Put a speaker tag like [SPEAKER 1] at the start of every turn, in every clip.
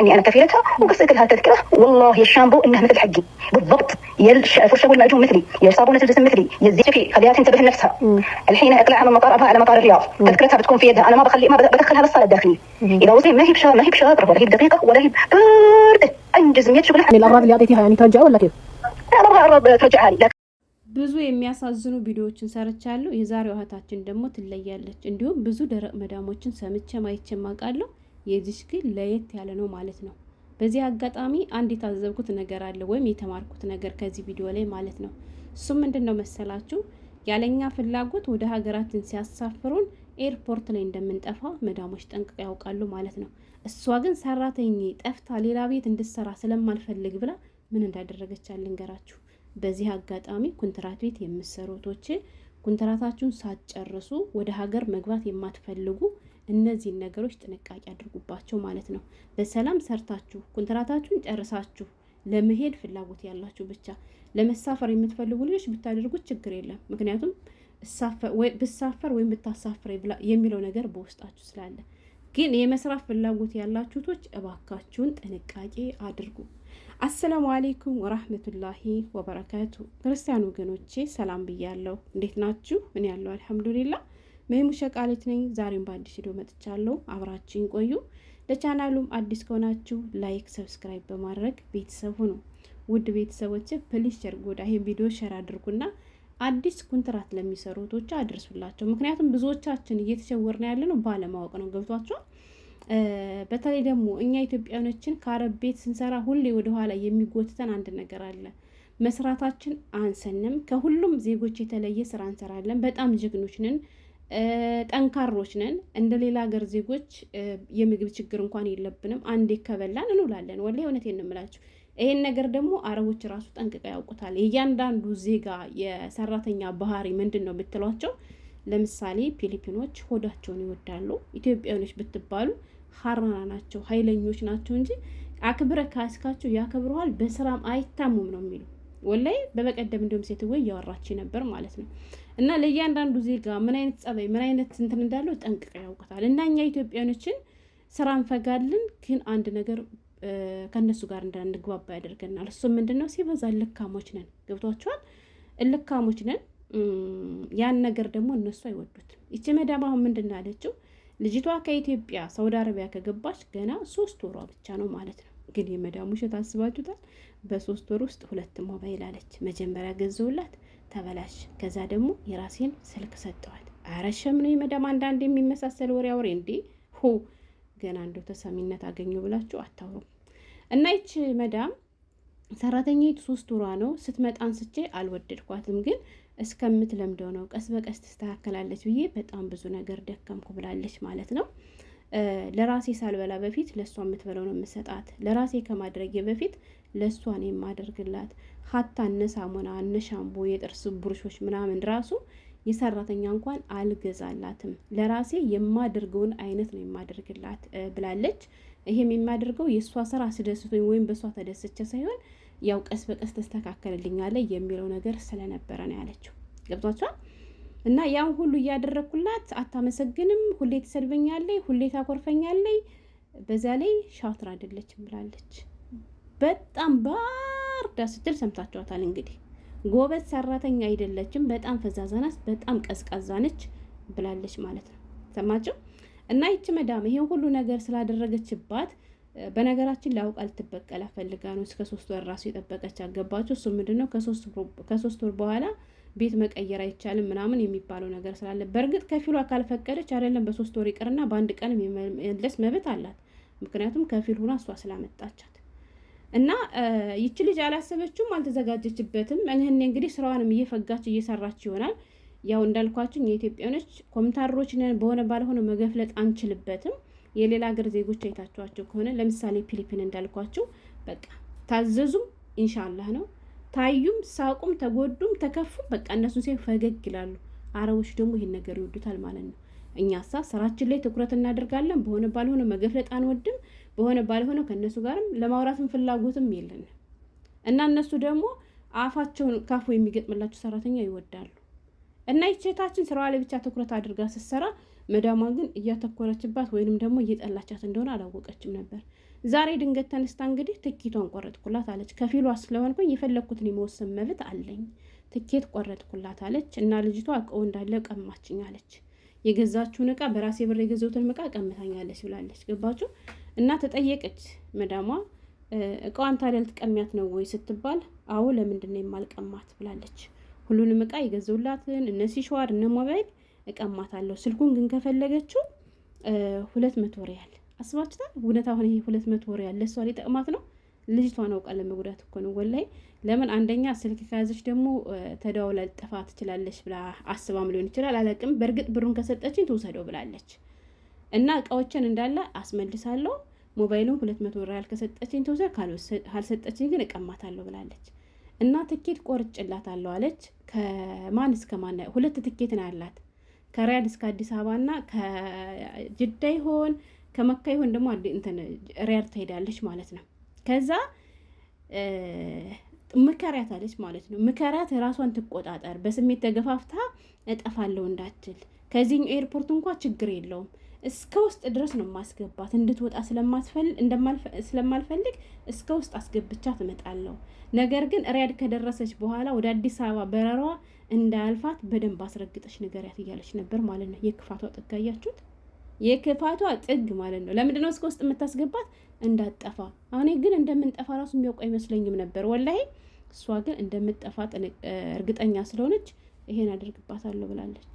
[SPEAKER 1] اني انا كفيلتها وقصيت لها تذكره والله يا الشامبو انه مثل حقي بالضبط يا الفرشه والمعجون مثلي يا صابونه الجسم مثلي يا الزيت شوفي خليها تنتبه لنفسها الحين اقلعها من مطار ابها على مطار الرياض تذكرتها بتكون في يدها انا ما بخلي ما بدخلها بس الداخليه اذا وزين ما هي بشاطره ما هي بشاطره ولا هي بدقيقه ولا هي بارده انجز 100 شغله
[SPEAKER 2] الامراض اللي اعطيتيها يعني ترجعوا ولا كيف؟
[SPEAKER 1] لا ما ابغى اقرب ترجعها لي
[SPEAKER 3] ብዙ የሚያሳዝኑ ቪዲዮዎችን ሰርቻለሁ። የዛሬው እህታችን ደግሞ ትለያለች። እንዲሁም ብዙ ደረቅ መዳሞችን ሰምቼ ማይቼ ማውቃለሁ። የዚች ግን ለየት ያለ ነው ማለት ነው። በዚህ አጋጣሚ አንድ የታዘብኩት ነገር አለ ወይም የተማርኩት ነገር ከዚህ ቪዲዮ ላይ ማለት ነው። እሱም ምንድን ነው መሰላችሁ ያለኛ ፍላጎት ወደ ሀገራችን ሲያሳፍሩን ኤርፖርት ላይ እንደምንጠፋ መዳሞች ጠንቅቀው ያውቃሉ ማለት ነው። እሷ ግን ሰራተኛ ጠፍታ ሌላ ቤት እንድሰራ ስለማልፈልግ ብላ ምን እንዳደረገች ልንገራችሁ። በዚህ አጋጣሚ ኩንትራት ቤት የምትሰሩቶች ኩንትራታችሁን ሳትጨርሱ ወደ ሀገር መግባት የማትፈልጉ እነዚህን ነገሮች ጥንቃቄ አድርጉባቸው ማለት ነው። በሰላም ሰርታችሁ ኮንትራታችሁን ጨርሳችሁ ለመሄድ ፍላጎት ያላችሁ ብቻ ለመሳፈር የምትፈልጉ ልጆች ብታደርጉት ችግር የለም። ምክንያቱም ብሳፈር ወይም ብታሳፍር የሚለው ነገር በውስጣችሁ ስላለ፣ ግን የመስራት ፍላጎት ያላችሁቶች እባካችሁን ጥንቃቄ አድርጉ። አሰላሙ አሌይኩም ወራህመቱላሂ ወበረካቱ። ክርስቲያን ወገኖቼ ሰላም ብያለሁ። እንዴት ናችሁ? እኔ ያለው አልሐምዱሊላ መይሙሸ ቃሊት ነኝ። ዛሬም በአዲስ ቪዲዮ መጥቻለሁ። አብራችሁን ቆዩ። ለቻናሉም አዲስ ከሆናችሁ ላይክ፣ ሰብስክራይብ በማድረግ ቤተሰብ ሁኑ። ውድ ቤተሰቦች ፕሊዝ ሸር ጎዳ ይሄ ቪዲዮ ሸር አድርጉና አዲስ ኩንትራት ለሚሰሩ እህቶች አድርሱላቸው። ምክንያቱም ብዙዎቻችን እየተሸወርን ያለ ነው ባለማወቅ ነው። ገብቷቸዋል። በተለይ ደግሞ እኛ ኢትዮጵያኖችን ከአረብ ቤት ስንሰራ ሁሌ ወደኋላ የሚጎትተን አንድ ነገር አለ። መስራታችን አንሰንም። ከሁሉም ዜጎች የተለየ ስራ እንሰራለን። በጣም ጀግኖች ነን። ጠንካሮች ነን። እንደ ሌላ ሀገር ዜጎች የምግብ ችግር እንኳን የለብንም። አንዴ ከበላን እንውላለን። ወላሂ እውነቴን ነው የምላችሁ። ይሄን ነገር ደግሞ አረቦች ራሱ ጠንቅቀው ያውቁታል። የእያንዳንዱ ዜጋ የሰራተኛ ባህሪ ምንድን ነው ብትሏቸው፣ ለምሳሌ ፊሊፒኖች ሆዳቸውን ይወዳሉ። ኢትዮጵያኖች ብትባሉ ሀራና ናቸው፣ ሀይለኞች ናቸው እንጂ አክብረ ካስካቸው ያከብረዋል፣ በስራም አይታሙም ነው የሚሉ ወላይ በበቀደም እንዲሁም ሴትዮ እያወራች ነበር ማለት ነው። እና ለእያንዳንዱ ዜጋ ምን አይነት ጸባይ፣ ምን አይነት እንትን እንዳለው ጠንቅቀ ያውቁታል። እና እኛ ኢትዮጵያኖችን ስራ እንፈጋለን፣ ግን አንድ ነገር ከእነሱ ጋር እንዳንግባባ ያደርገናል። እሱም ምንድን ነው? ሲበዛ ልካሞች ነን። ገብቷቸዋል። ልካሞች ነን። ያን ነገር ደግሞ እነሱ አይወዱትም። ይቺ መዳም አሁን ምንድን ልጅቷ ከኢትዮጵያ ሳውዲ አረቢያ ከገባች ገና ሶስት ወሯ ብቻ ነው ማለት ነው ግን የመዳሙ ውሸት አስባችሁታል። በሶስት ወር ውስጥ ሁለት ሞባይል አለች። መጀመሪያ ገዘውላት ተበላሽ። ከዛ ደግሞ የራሴን ስልክ ሰጠዋት። አረሸም ነው የመዳም አንዳንድ የሚመሳሰል ወሬ አውሬ እንዴ ሁ ገና እንደው ተሰሚነት አገኙ ብላችሁ አታውሩም። እና ይች መዳም ሰራተኛይቱ ሶስት ወሯ ነው ስትመጣን ስቼ አልወደድኳትም፣ ግን እስከምትለምደው ነው ቀስ በቀስ ትስተካከላለች ብዬ በጣም ብዙ ነገር ደከምኩ ብላለች ማለት ነው። ለራሴ ሳልበላ በፊት ለእሷ የምትበለው ነው የምሰጣት። ለራሴ ከማድረጌ በፊት ለእሷን የማደርግላት። ሀታ እነ ሳሙና እነ ሻምቦ፣ የጥርስ ብሩሾች ምናምን ራሱ የሰራተኛ እንኳን አልገዛላትም። ለራሴ የማደርገውን አይነት ነው የማደርግላት ብላለች። ይሄም የሚያደርገው የእሷ ስራ አስደስቶኝ ወይም በእሷ ተደስቸ ሳይሆን ያው ቀስ በቀስ ተስተካከልልኛለ የሚለው ነገር ስለነበረ ነው ያለችው። ገብቷቸዋል። እና ያን ሁሉ እያደረግኩላት አታመሰግንም፣ ሁሌ ትሰድበኛለች፣ ሁሌ ታኮርፈኛለች፣ በዛ ላይ ሻትር አይደለችም ብላለች። በጣም ባርዳ ስትል ሰምታችኋታል እንግዲህ ጎበዝ ሰራተኛ አይደለችም፣ በጣም ፈዛዛ ናት፣ በጣም ቀዝቃዛ ነች ብላለች ማለት ነው። ሰማችሁ? እና ይቺ መዳም ይሄን ሁሉ ነገር ስላደረገችባት በነገራችን ላይ ልትበቀል ፈልጋ ነው። እስከ ሶስት ወር ራሱ የጠበቀች አገባችሁ። እሱ ምንድን ነው ከሶስት ወር በኋላ ቤት መቀየር አይቻልም ምናምን የሚባለው ነገር ስላለ በእርግጥ ከፊሉ ካልፈቀደች አይደለም በሶስት ወር ይቅርና በአንድ ቀን የመለስ መብት አላት። ምክንያቱም ከፊል ሆና እሷ ስላመጣቻት እና ይቺ ልጅ አላሰበችውም፣ አልተዘጋጀችበትም። እኔ እንግዲህ ስራዋንም እየፈጋች እየሰራች ይሆናል። ያው እንዳልኳችሁ የኢትዮጵያኖች ኮምታሮች ነን፣ በሆነ ባልሆነ መገፍለጥ አንችልበትም። የሌላ ሀገር ዜጎች አይታችኋቸው ከሆነ ለምሳሌ ፊሊፒን እንዳልኳቸው በቃ ታዘዙም ኢንሻላህ ነው ታዩም፣ ሳቁም፣ ተጎዱም፣ ተከፉም በቃ እነሱን ሲሆን ፈገግ ይላሉ። አረቦች ደግሞ ይህን ነገር ይወዱታል ማለት ነው። እኛ ሳ ስራችን ላይ ትኩረት እናደርጋለን። በሆነ ባልሆነ መገፍለጥ አንወድም። በሆነ ባልሆነ ከእነሱ ጋርም ለማውራትም ፍላጎትም የለን እና እነሱ ደግሞ አፋቸውን ካፎ የሚገጥምላቸው ሰራተኛ ይወዳሉ እና ይቼታችን ስራዋ ላይ ብቻ ትኩረት አድርጋ ስትሰራ መዳሟ ግን እያተኮረችባት ወይንም ደግሞ እየጠላቻት እንደሆነ አላወቀችም ነበር። ዛሬ ድንገት ተነስታ እንግዲህ ትኬቷን ቆረጥኩላት አለች። ከፊሏ ስለሆንኩኝ የፈለግኩትን የመወሰን መብት አለኝ፣ ትኬት ቆረጥኩላት አለች እና ልጅቷ አቀው እንዳለ ቀማችኝ አለች። የገዛችውን እቃ በራሴ ብር የገዘውትን እቃ ቀምታኛለች ብላለች። ገባችሁ? እና ተጠየቀች መዳሟ እቃዋን ታዲያ ልትቀሚያት ነው ወይ ስትባል፣ አዎ ለምንድነ የማልቀማት ብላለች። ሁሉንም እቃ የገዘውላትን እነ ሲሸዋር እነ ሞባይል እቀማታለሁ። ስልኩን ግን ከፈለገችው ሁለት መቶ ሪያል አስባችታል። እውነት አሁን ይሄ ሁለት መቶ ሪያል ለእሷ ሊጠቅማት ነው። ልጅቷን አውቃ ለመጉዳት እኮ ነው ወላይ። ለምን አንደኛ ስልክ ከያዘች ደግሞ ተደዋውላ ልጠፋ ትችላለች ብላ አስባም ሊሆን ይችላል፣ አላውቅም። በእርግጥ ብሩን ከሰጠችኝ ትውሰደው ብላለች እና እቃዎችን እንዳለ አስመልሳለሁ ሞባይሉን ሁለት መቶ ሪያል ከሰጠችኝ ተውሰድ ካልሰጠችኝ ግን እቀማታለሁ ብላለች እና ትኬት ቆርጭላታለሁ አለች። ከማን እስከ ማን ሁለት ትኬት ነው ያላት። ከሪያድ እስከ አዲስ አበባ እና ከጅዳ ይሆን ከመካ ይሆን ደግሞ ሪያድ ትሄዳለች ማለት ነው። ከዛ ምከሪያት አለች ማለት ነው። ምከሪያት ራሷን ትቆጣጠር። በስሜት ተገፋፍታ እጠፋለሁ እንዳትል። ከዚህኛው ኤርፖርት እንኳ ችግር የለውም እስከ ውስጥ ድረስ ነው የማስገባት። እንድትወጣ ስለማልፈልግ እስከ ውስጥ አስገብቻ ትመጣለሁ። ነገር ግን ሪያድ ከደረሰች በኋላ ወደ አዲስ አበባ በረሯ እንዳያልፋት በደንብ አስረግጠች ንገሪያት እያለች ነበር ማለት ነው። የክፋቷ ጥግ አያችሁት? የክፋቷ ጥግ ማለት ነው። ለምንድን ነው እስከ ውስጥ የምታስገባት? እንዳትጠፋ። እኔ ግን እንደምንጠፋ ራሱ የሚያውቁ አይመስለኝም ነበር ወላሂ። እሷ ግን እንደምጠፋ እርግጠኛ ስለሆነች ይሄን አደርግባታለሁ ብላለች።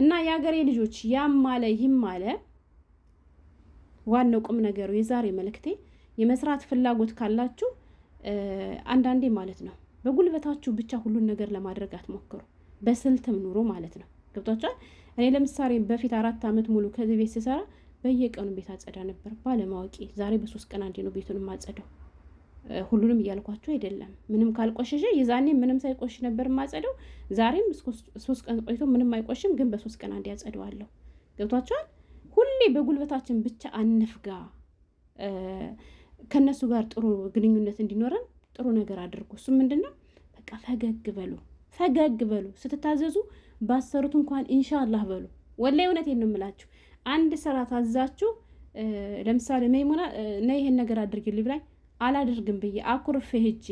[SPEAKER 3] እና የአገሬ ልጆች ያም አለ ይህም አለ ዋናው ቁም ነገሩ የዛሬ መልእክቴ የመስራት ፍላጎት ካላችሁ አንዳንዴ ማለት ነው በጉልበታችሁ ብቻ ሁሉን ነገር ለማድረግ አትሞክሩ። በስልትም ኑሮ ማለት ነው ገብቷችኋል። እኔ ለምሳሌ በፊት አራት ዓመት ሙሉ ከዚህ ቤት ስሰራ በየቀኑ ቤት አጸዳ ነበር ባለማወቂ። ዛሬ በሶስት ቀን አንዴ ነው ቤቱን ማጸዳው። ሁሉንም እያልኳቸው አይደለም። ምንም ካልቆሸሸ የዛኔ ምንም ሳይቆሽ ነበር ማጸደው። ዛሬም ሶስት ቀን ቆይቶ ምንም አይቆሽም፣ ግን በሶስት ቀን አንድ ያጸደዋለሁ። ገብቷቸዋል። ሁሌ በጉልበታችን ብቻ አንፍጋ። ከእነሱ ጋር ጥሩ ግንኙነት እንዲኖረን ጥሩ ነገር አድርጉ። እሱ ምንድን ነው? በቃ ፈገግ በሉ፣ ፈገግ በሉ። ስትታዘዙ ባሰሩት እንኳን ኢንሻላህ በሉ። ወላይ እውነቴን ነው የምላችሁ። አንድ ስራ ታዛችሁ፣ ለምሳሌ መይሙና ነይ ይሄን ነገር አድርጊልኝ ብላኝ አላደርግም ብዬ አኩርፌ ሄጄ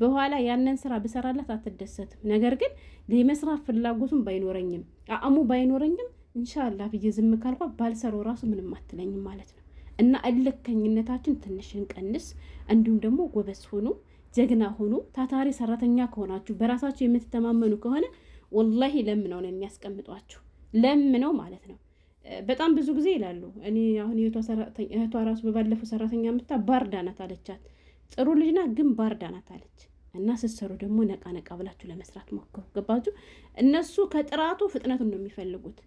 [SPEAKER 3] በኋላ ያንን ስራ ብሰራላት አትደሰትም። ነገር ግን የመስራት ፍላጎቱም ባይኖረኝም አእሙ ባይኖረኝም እንሻላ ብዬ ዝም ካልኳ ባልሰሩ ራሱ ምንም አትለኝም ማለት ነው። እና እልከኝነታችን ትንሽ እንቀንስ። እንዲሁም ደግሞ ጎበዝ ሆኑ፣ ጀግና ሆኑ። ታታሪ ሰራተኛ ከሆናችሁ በራሳችሁ የምትተማመኑ ከሆነ ወላሂ ለምነው ነው የሚያስቀምጧችሁ፣ ለምነው ማለት ነው። በጣም ብዙ ጊዜ ይላሉ። እኔ አሁን እህቷ ራሱ በባለፈው ሰራተኛ ምታ ባርዳ ናት አለቻት። ጥሩ ልጅ ናት ግን ባርዳ ናት አለች። እና ስትሰሩ ደግሞ ነቃ ነቃ ብላችሁ ለመስራት ሞክሩ። ገባችሁ? እነሱ ከጥራቱ ፍጥነቱን ነው የሚፈልጉት።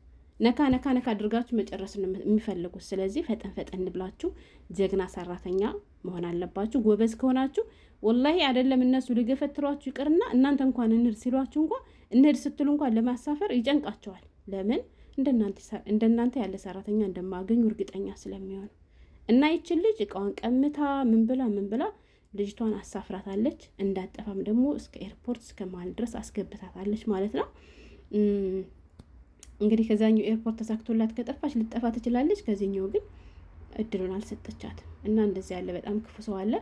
[SPEAKER 3] ነካ ነካ ነካ አድርጋችሁ መጨረስ ነው የሚፈልጉት። ስለዚህ ፈጠን ፈጠን ብላችሁ ጀግና ሰራተኛ መሆን አለባችሁ። ጎበዝ ከሆናችሁ ወላሂ አይደለም እነሱ ልገፈትሯችሁ ይቅርና እናንተ እንኳን እንሂድ ሲሏችሁ እንኳ እንሂድ ስትሉ እንኳን ለማሳፈር ይጨንቃቸዋል። ለምን እንደናንተ ያለ ሰራተኛ እንደማገኙ እርግጠኛ ስለሚሆን እና ይችን ልጅ እቃዋን ቀምታ ምን ብላ ምን ብላ ልጅቷን አሳፍራታለች። እንዳጠፋም ደግሞ እስከ ኤርፖርት እስከ መሀል ድረስ አስገብታታለች ማለት ነው። እንግዲህ ከዛኛው ኤርፖርት ተሳክቶላት ከጠፋች ልጠፋ ትችላለች። ከዚህኛው ግን እድሉን አልሰጠቻትም እና እንደዚህ ያለ በጣም ክፉ ሰው አለ።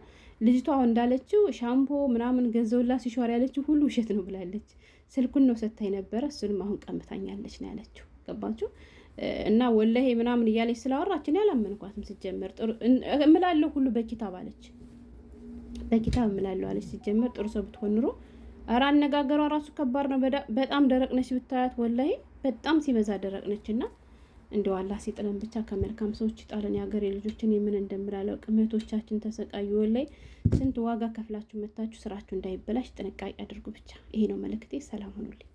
[SPEAKER 3] ልጅቷ እንዳለችው ሻምፖ ምናምን ገዘውላ ሲሸር ያለችው ሁሉ ውሸት ነው ብላለች። ስልኩን ነው ሰታኝ ነበረ እሱንም አሁን ቀምታኛለች ነው ያለችው። ገባችሁ? እና ወላሄ ምናምን እያለች ስላወራችን ያላመንኳትም ስጀምር እምላለሁ ሁሉ በኪታብ አለች፣ በኪታብ እምላለሁ አለች። ስጀምር ጥሩ ሰው ብትሆን ኑሮ ኧረ አነጋገሯ ራሱ ከባድ ነው። በጣም ደረቅ ነች ብታያት፣ ወላሄ በጣም ሲበዛ ደረቅ ነች። እና እንዲው አላህ ሲጥለን ብቻ ከመልካም ሰዎች ይጣለን። የሀገር ልጆችን የምን እንደምላለው ቅመቶቻችን ተሰቃዩ። ወላሂ ስንት ዋጋ ከፍላችሁ መታችሁ ስራችሁ እንዳይበላሽ ጥንቃቄ አድርጉ። ብቻ ይሄ ነው መልእክቴ። ሰላም ሁኑልኝ።